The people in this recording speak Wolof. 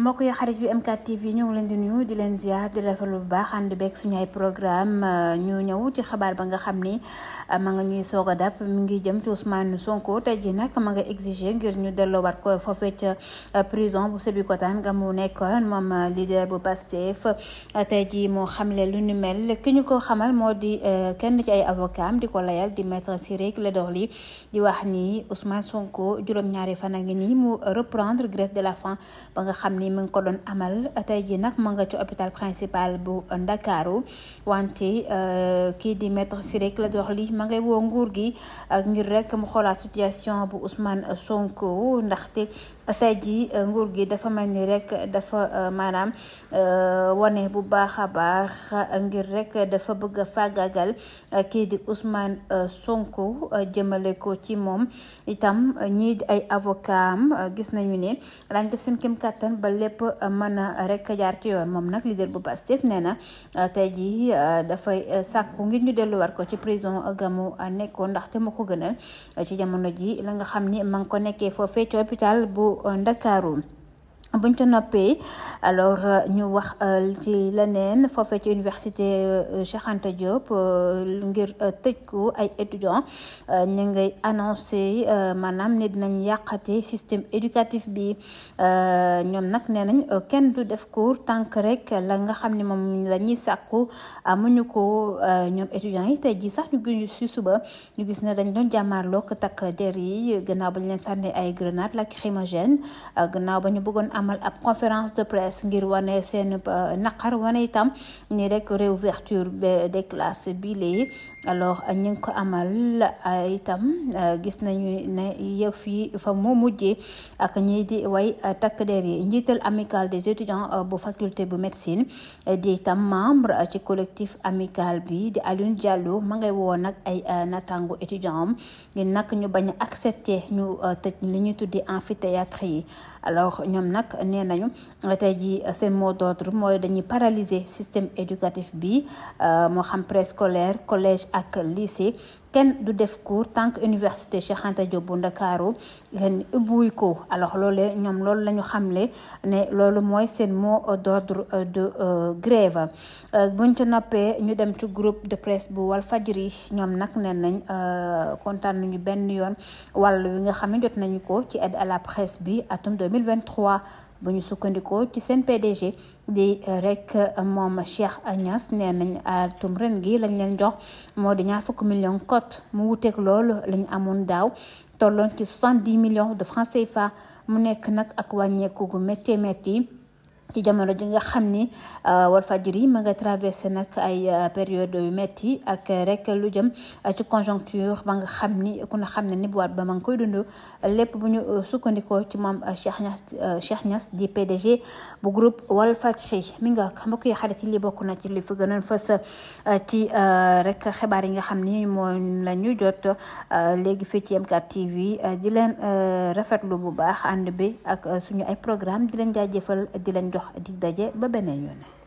mbokk yi xarit yu M4 TV ñu ngi leen di nuyu di leen ziar di rafetlu bu baax ànd beeg suñu euh, ñëw ci xabaar ba nga xam ni euh, ma nga ñuy soog a dàpp mi ngi jëm ci Ousmane Sonko tey jii nag ma nga exiger ngir ñu delloowaat ko foofee ca euh, prison bu Sébikotane nga mu nekkoon moom leader bu Pastef tey jii moo xamle lu ni mel ki ñu ko xamal moo di kenn ci ay avocat di ko layal di maître Ciré Clédor Ly di wax ni Ousmane Sonko juróom-ñaari fan a ngi nii mu reprendre grève de la faim ba nga xam ni ni mu ngi ko doon amal tey ji nag mu nga ci hôpital principal bu Ndakaaru wante euh, kii di maître Ciré Clédor lii ma ngay woo nguur gi euh, ngir rekk mu xoolaat situation bu Ousmane Sonko ndaxte tey ji euh, nguur gi dafa mel ni rek dafa maanaam wane bu baax a baax ngir rek dafa bëgg a fàggagal kii di Ousmane Sonko jëmale ko ci moom itam ñii di ay avocat gis nañu ne daañ def seen kéem kattan ba lépp euh, mën a rek jaar ci yoon moom nag leader bu Pastef nee na euh, tey jii euh, dafay sàkku ngir ñu delluwaat ko ci prison gamu nekkoon ndaxte moo ko gënal ci jamono ji la nga xam ni ma ngi ko nekkee foofee ci hôpital bu Ndakaaru bu ñu ca noppee alors euh, ñu wax euh, ci leneen foofee ci université euh, Cheikh Anta Diop ngir tëj ko ay étudiants ñu ngay annoncé maanaam ne dinañ yàqate système éducatif bi ñoom nag nee nañ kenn du def cours tànk rek la nga xam ni moom la ñuy sàkku amuñu ko ñoom étudiants yi tey jii sax ñu gis si suba ñu gis ne dañ doon jàmmaarloog takk der yi gannaaw ba ñu leen sànni ay grenade lacrymogène gannaaw ba ñu bëggoon amal ab conférence de presse ngir wane seen euh, naqar wane itam ni rek réouverture des classes bi léegi alors ñu ngi ko amal euh, itam euh, gis nañu ne yëf yi fa mu mujjee ak ñii di way takk der yi njiital amical des étudiants bu faculté bu médecine di itam membre ci collectif amical bi di Alioune Diallo ma ngay woon nag ay natango étudiant am ngir nag ñu bañ accepter ñu tëj li tuddi amphithéâtre alors ñoom nag nee nañu tey ji seen mot d'ordre mooy dañuy paralyser système éducatif bi euh, moo xam préscolaire collège ak lycée kenn du def cours tant université Cheikh Anta bu Ndakaaru ngeen ubbuy ko alors loolee ñoom loolu la ñu xamle ne loolu mooy seen mot d'ordre euh, de euh, grève euh, buñ ci noppee ñu dem ci groupe de presse bu Walfadjri ñoom nag nee nañ kontaan nañu benn yoon wall wi nga xam ne jot nañu ko ci aide à la presse bi atum 2023 bu ñu sukkandikoo ci seen PDG di rek moom a Cheikh Agnes nee nañ ah, tum ren gi lañ leen jox moo di ñaar fukk million cote mu wuteeg loolu lañ amoon daaw tolloon ci soixante-dix millions de francs CFA mu nekk nag ak wàññeeku gu métti métti ci jamono ji nga xam ni euh, Walfadjri ma nga traversé nag ay euh, période yu ak euh, rek lu jëm ci conjoncture ba nga xam ni kon na xam ne ni buwaat ba ma ngi koy dund lépp bu ñu sukkandikoo ci moom Cheikh Niass Cheikh Niass di PDG bu groupe Walfadjri mi nga mbokk yi xarit yi li bokk na ci li fi gënoon fës ci rek xibaar yi nga xam ni moo la ñu jot léegi fii ci m ka TV di leen rafetlu bu baax ànd bi ak suñu ay programme di leen jaajëfal di leen jox jox dig daje ba beneen yoon.